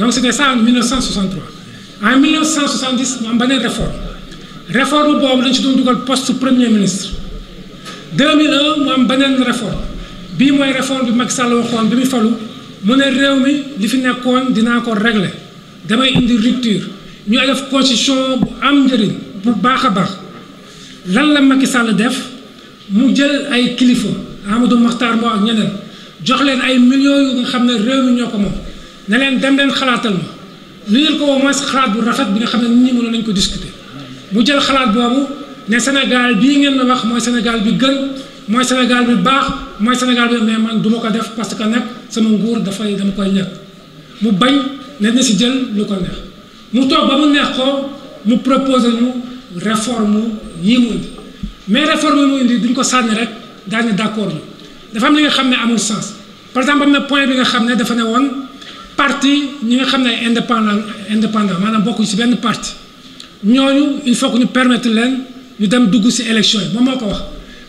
donc c'était ça en 1963 en 1970 mu am beneen réforme réforme boobu lañ ci doon dugal poste premier ministre 2001 mu am beneen réforme bii mooy réforme bi Macky Sall waxoon bi mu falu mu ne réew mi li fi nekkoon dinaa ko régler damay indi rupture ñu def constitution bu am njëriñ bu baax a baax lan la Macky Sall def mu jël ay kilifa Amadou Makhtar Mbow ak ñeneen jox leen ay millions yu nga xam ne réew mi ñoo ko moom ne leen dem leen xalaatal ma nu ñu ko au xalaat bu rafet bi nga xam ne nit ñi mënoon nañ ko discuter mu jël xalaat boobu ne Sénégal bii ngeen na wax mooy Sénégal bi gën mooy Sénégal bi baax mooy Sénégal bi mais man du ko def parce que nag sama nguur dafay dama koy ñàkk mu bañ ne na si jël lu ko mu toog ba mu neex ko mu proposé ñu réforme mu indi mais réforme yi mu duñ ko sànni rek daañu d'accord ñu dafa am li nga xam ne amul sens par exemple am na point bi nga xam ne dafa ne woon. parti ñi nga xam ne ay indépendant indépendant bokk bokkuñ ci benn parti ñooñu il faut que ñu permettre leen ñu dem dugg ci élection yi moom moo ko wax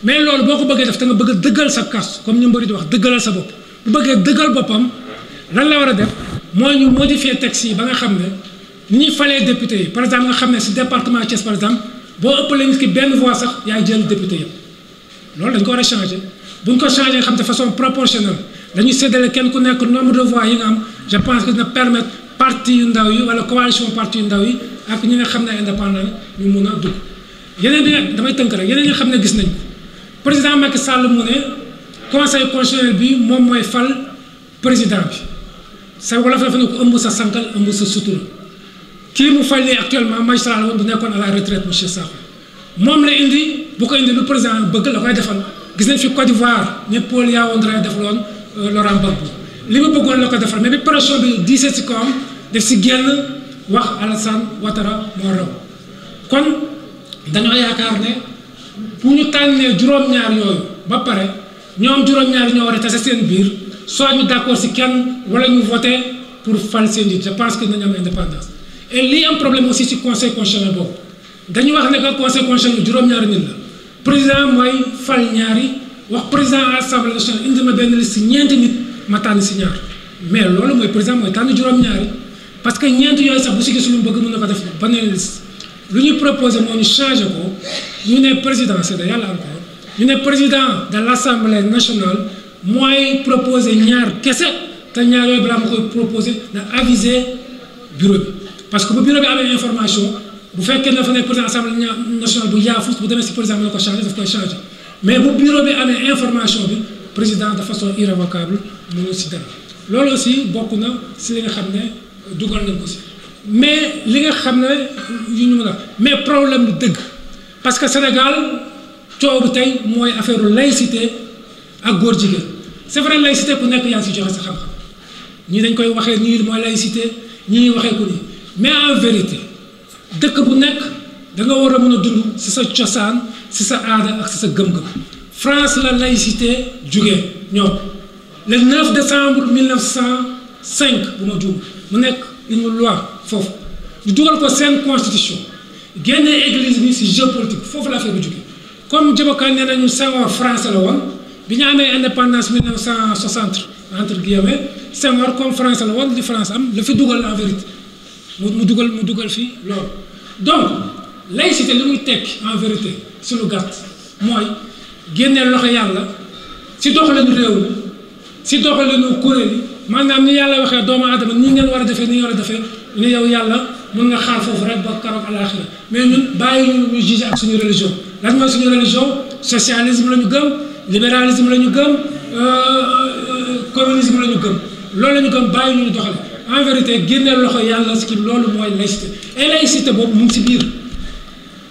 mais loolu boo ko bëggee def te nga bëgg a dëggal sa kas comme ñu mbëri di wax dëggalal sa bopp bu bëggee dëggal boppam lan la war a def mooy ñu modifier texte yi ba nga xam ne ni ñuy falee député yi par exemple nga xam ne si département Thiès par exemple boo ëppalee nit ki benn voix sax yaay jël député loolu dañ ko war bu ko changer xam ne façon proportionnelle dañuy séddale kenn ku nekk nombre de voix yi nga am je pense que dina permettre parti yu ndaw yi wala coalition parti yu ndaw yi ak ñu ne xam ne indépendant ñu mun a dugg yeneen yi damay tënk rek yeneen yi xam ne gis nañ président Macky Sall mu ne conseil constitutionnel moom mooy fal président bi sa wolof ëmb sa sankal ëmb sa sutura kii mu fal nii actuellement magistrat la woon bu nekkoon a la retraite monsieur Sakho moom la indi bu ko indi lu président bëgg la koy defal gis nañ fi Côte d'Ivoire ne Paul Yaoundé def loon euh, Laurent Gbagbo li ma bëggoon la ko defar mais bi pression bi diisee si kawam def si génn wax Alassane Ouattara moo raw kon dañoo yaakaar ne bu ñu tànnee juróom-ñaar yooyu ba pare ñoom juróom ñaari ñoo war a tase seen biir soit ñu d'accord si kenn wala ñu voté pour fal seen njiit je pense que nañu am indépendance et lii am problème aussi si conseil constitutionnel boobu dañu wax ne que conseil constitutionnel juróom-ñaari nit la président mooy fal ñaari wax président assemblée nationale indi ma benn liste ñeenti nit. ma tànn si ñaar mais loolu mooy président mooy tànn juróom-ñaari parce que ñeent yooyu sax bu si gis lu mu bëgg mën na ko def beneen liste lu ñu proposé moo ñu changé ko ñu ne président c'est de yàlla encore ñu ne président de l'Assemblée nationale mooy proposé ñaar kese te ñaar yooyu balaa ma koy proposé na aviser bureau bi parce que bu bureau bi amee information bu fekkee dafa nekk président assemblée nationale bu yaafus bu demee si président mën bi. président de façon irrévocable mënul si dem loolu aussi bokk na si li nga xam ne dugal nañ ko si mais li nga xam ne ñu mën mais problème bi dëgg parce que Sénégal coow bi tey mooy affaire laïcité ak góor jigéen c'est vrai laïcité ku nekk yaa si joxe sa xam-xam ñii dañ koy waxee nii mooy laïcité ñii waxee ko nii mais en vérité dëkk bu nekk da nga war a mën a dund si sa cosaan si sa aada ak si sa gëm-gëm. France la laïcité jógee ñoom le 9 décembre 1905 bu ma juum mu nekk une loi foofu ñu dugal ko seen constitution génnee église bi si jeu politique foofu la affaire bi jógee comme Diomaye nee nañu Senghor France la woon bi ñu amee indépendance 1960 entre guillemets Senghor comme France la woon li France am la fi dugal en vérité mu mu dugal mu dugal fi loolu donc laïcité li muy tekk en vérité si lu gàtt mooy. génneel loxo yàlla si doxalinu réew mi si doxalinu kuréel yi maanaam ni yàlla waxee doomu aadama nii ngeen war a defee ni ngeen war a defee ni yow yàlla mën nga xaar foofu rek ba karoog àlaaxira mais ñun bàyyi ñu ñu juge ak suñu religion lan mooy suñu religion socialisme la ñu gëm libéralisme la ñu gëm euh, euh, communisme la ñu gëm loolu lañu ñu gëm bàyyi ñu ñu doxale en vérité génneel loxo yàlla si loolu mooy laïcité et laïcité boobu mu ngi si biir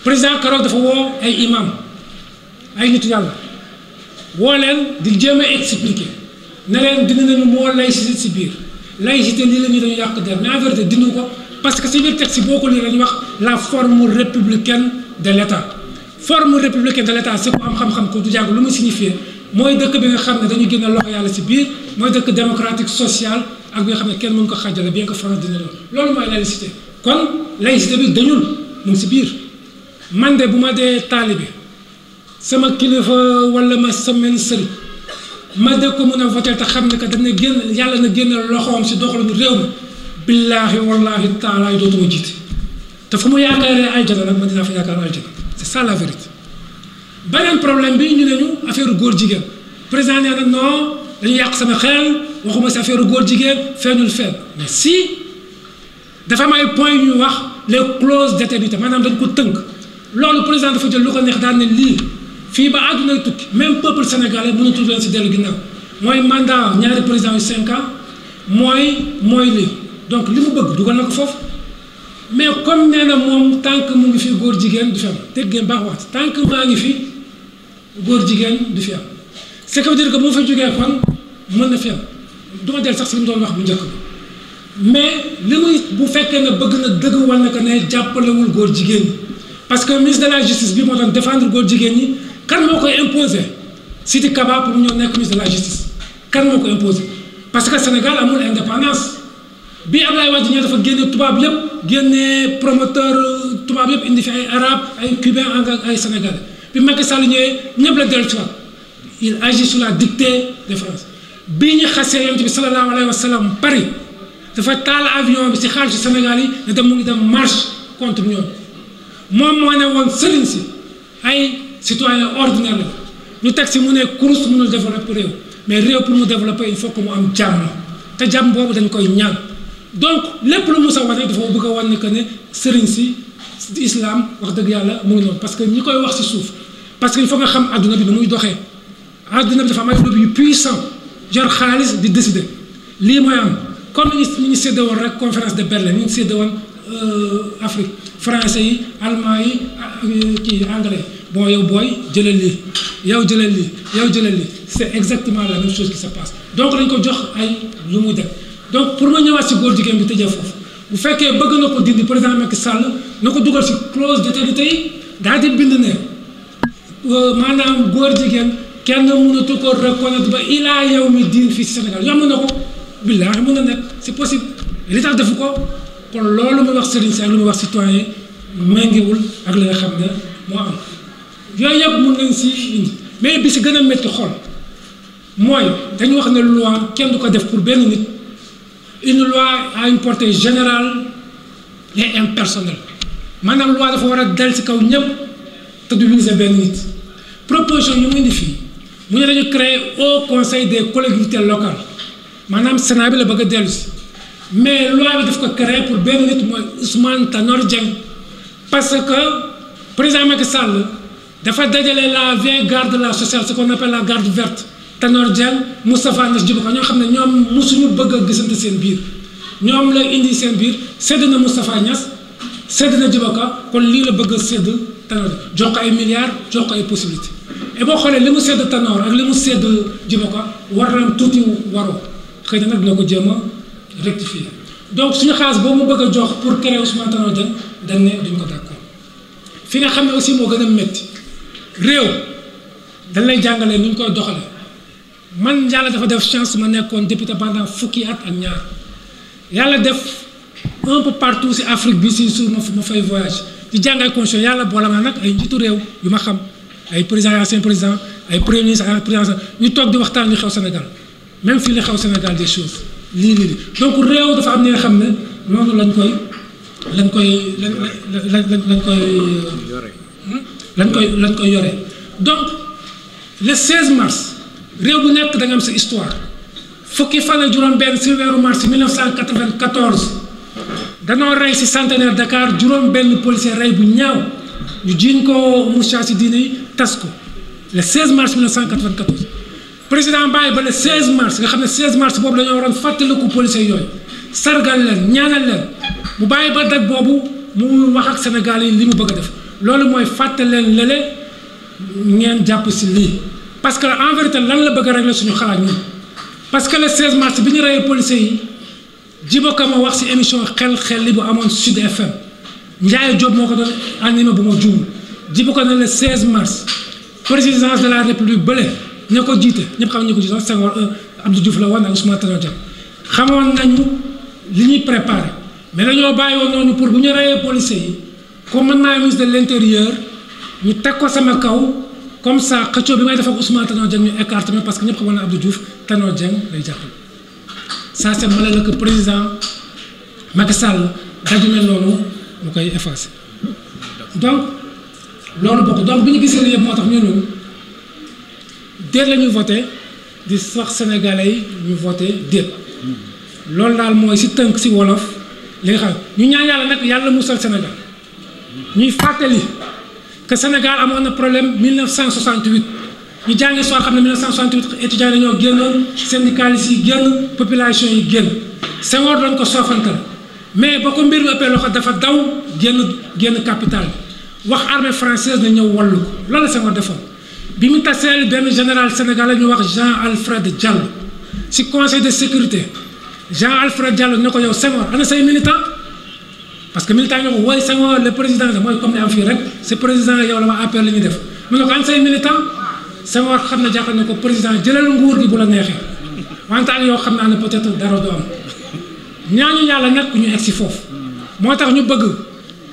président karoog dafa woo ay imam ay nitu yàlla woo leen di jéem a expliquer ne leen dindi nañu moo laïcité si biir laïcité lii la ñu dañu yàq der mais en vérité ko parce que si biir si boo ko lii dañuy wax la forme républicaine de l' état forme républicaine de l' état si ko am xam-xam ko du jàng lu mu signifié mooy dëkk bi nga xam ne dañu génne loxo yàlla si biir mooy dëkk démocratique social ak bi nga xam ne kenn mun ko xaajale bi que France dina loolu loolu mooy laïcité kon laïcité si biir man de bu ma dee taalibe sama kilifa wala ma semaine sël ma de ko mën a voté te xam ne que dana génn yàlla na génn loxoom si doxalinu réew mi billaahi wallaahi taalaay dootuma jiite te fu mu yaakaaree aljana nag man dinaa fa yaakaar aljana c'est ça la vérité beneen problème bi ñu ne ñu affaire góor jigéen président nee na non dañu yàq sama xel waxuma si affaire góor jigéen feeñul feeñ mais si dafa am ay points yu ñuy wax les clauses d'éternité maanaam dañ ko tënk loolu président dafa jël lu ko neex daan ne lii. fii ba àdduna tukki même peuple sénégalais mënatul leen si dellu ginnaaw mooy mandat ñaari président yu cinq mooy mooy li donc li mu bëgg dugal na ko foofu mais comme nee na moom tant que mu ngi fi góor jigéen du fi am dégg ngeen baax wax ngi fi góor jigéen du fi am ce qui veut dire bu ma fa jógee kon mën na fi am du ma sax si li mu doon wax bu njëkk bi mais li muy bu fekkee ne bëgg na dëgg wal na que ne jàppalewul góor jigéen ñi parce que ministre de la justice bi moo doon défendre góor jigéen ñi kan moo ko imposer Sidiki Kaba pour mu ñëw nekk ministre de la justice kan moo ko imposer parce que Sénégal amul indépendance bi Abdoulaye Wade ñëw dafa génne tubaab yëpp génne promoteur euh, tubaab yëpp indifi fi ay arabe ay cubain ak ay sénégal bi Macky Sall ñëwee ñëpp la dellu tubaab il agit sur la dictée de France bi ñu xasee yonent bi sallallahu alayhi wa sallam Paris dafa taal avion bi si xaalisu Sénégal yi ne dem mu ngi dem marche contre ñoom moom moo ne woon si citoyen ordinaire la ñu teg si mu ne kurus mënul développer réew mais réew pour mu développer il faut que mu am jàmm te jàmm boobu dañ koy ñaan donc lépp lu Moussa wane dafa bëgg a wan ne que ne sëriñ si islam wax dëgg yàlla mu ngi noonu parce que ñi koy wax si suuf parce que il faut nga xam adduna bi nu muy doxee adduna bi dafa am ay lobby yu puissant jar xaalis di décider lii mooy am comme ni ñu séddee woon rek conférence de Berlin ni ñu séddee woon euh, Afrique français yi allemand yi euh, kii anglais bon yow booy jëlal lii yow jëlal lii yow jëlal li c'est exactement la même chose qui se passe donc dañ ko jox ay lu muy def donc pour ma ñëwaat si góor jigéen bi tëjee foofu bu fekkee bëgg na ko dindi président Macky Sall na ko duggal si clause d'éternité yi daa di bind ne euh, maanaam góor jigéen kenn mënatu ko reconnaître ba ilaa yow mi diin fii si Sénégal yomb na ko billaahi mën na nekk c'est possible li tax defu ko kon loolu muy wax Serigne Sarr lu mu wax citoyen méngiwul ak li nga xam ne moo am yooyu yëpp mun nañ si mais bi si gën a métti xol mooy dañu wax ne loi kenn du ko def pour benn nit une loi a une portée générale et impersonnelle maanaam loi dafa war a dal si kaw ñëpp te du viser benn nit proposition yu mu indi fii mu ne dañu créer haut conseil des collectivités locales maanaam Sénat bi la bëgg a dellu si mais loi bi daf ko créer pour benn nit mooy Ousmane Tanor Dieng parce que président Macky Sall. dafa dajale la vieille garde la sociale ce qu'on appelle la garde verte Tanor Dieng Moustapha Niass Djibo Ka ñoo xam ne ñoom suñu bëgg a gisante seen biir ñoom la indi seen biir sedd na Moustapha ñas sedd na Djibo Ka kon lii la bëgg a sedd Tanor jox ko ay milliards jox ko ay possibilités et xoolee li mu sedd Tanor ak li mu sedd Djibo Ka war na tuuti waroo xëy na nag dina ko jéem a rectifier donc suñu xaalis boobu mu bëgg jox pour créer Ousmane Tanor Dieng dañ duñ ko d'accord fi nga xam ne aussi moo gën a métti. réew dañ lay jàngale nu ñu koy doxale man yàlla dafa def chance ma nekkoon député pendant fukki at ak ñaar yàlla def un peu partout si Afrique bi si suuf ma ma fay voyage di jàng ay yàlla boole ma nag ay njiitu réew yu ma xam ay président ancien président ay premier ministre ay président ñu toog di waxtaan li xew Sénégal même fii li xew Sénégal des choses lii lii donc réew dafa am ni nga xam ne noonu lañ koy lañ koy lañ lañ lañ koy. Euh, lañ koy lañ koy yore donc le 16 mars réew bu nekk da am sa histoire fukki fan ak juróom-benn si weeru mars 1994 danoo rey si centenaire Dakar juróom-benn policier rey bu ñaaw ñu jiiñ ko Moussa si diine yi tas ko le 16 mars 1994 président bàyyi ba le 16 mars nga xam ne 16 mars boobu dañoo waroon fàttaliku policier yooyu sargal leen ñaanal leen mu bàyyi ba dag boobu mu wax ak Sénégalais yi li mu bëgg a def. loolu mooy fàttaleen lele ngeen jàpp si lii parce que en vérité lan la bëgg a régler suñu xalaat ñun parce que le 16 mars bi ñu reyee policiers yi Djibo Kama wax si émission xel xel li bu amoon Sud FM Ndiaye Diop moo ko doon animé bu ma juumul jibo ko ne le 16 mars présidence de la république bële ña ko jiite ñëpp xam ñu ko jiite Senghor euh, Abdou Diouf la woon ak Ousmane Tanor Dieng xamoon nañ li ñuy préparé mais dañoo bàyyi woon noonu pour bu ñu reyee policiers yi. comme man naa ministre de l' ñu teg ko sama kaw comme ça xëccoo bi may def ak Ousmane Tanor Dieng ñu écarté ma parce que ñëpp xamoon na Abdou Diouf Tanor Dieng lay jàppale sa c' est malheureux que président Macky Sall daju mel loolu mu koy effacé donc loolu bokk donc bi ñu gisee yëpp moo tax ñu ne déet la ñu voté di sax sénégalais yi ñu voté déet loolu daal mooy si tënk si wolof li nga xam ñu ñaan yàlla nag yàlla musal Sénégal. ñuy fàttali que Sénégal amoon na problème cent 1968 ñu jàng histoire xam ne 1968 étudiants dañoo génnoon syndicalistes yi génn population yi génn Senghor doon ko soofantal mais ba ko mbir mi ëppee loxo dafa daw génn génn capital wax armée française na ñëw wallu ko loolu la Senghor defoon bi mu taseel benn général sénégalais ñu wax Jean Alfred Diallo si conseil de sécurité Jean Alfred Diallo ne ko yow Senghor ana say militant parce que militant ñoo ko wooy Senghor le président la mooy comme ni am fii rek sa président yow la appel la ñuy def mu ne ko an say militant Senghor xam na jàppal ne ko président jëlal nguur gi bu la neexee wante ak xam naa ne peut être dara du am ñaanu yàlla nag ñu egg si foofu moo tax ñu bëgg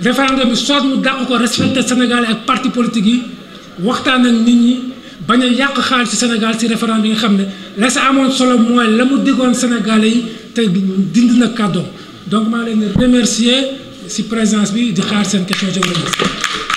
référendum bi soit mu dàq ko respecté Sénégal ak parti politique yi waxtaan ak nit ñi bañ a yàq xaalis ci Sénégal si référendum bi nga xam ne la sa amoon solo mooy la mu diggoon Sénégalais yi te dindi na kàddoom si présence bi di xaar seen question je vous remercie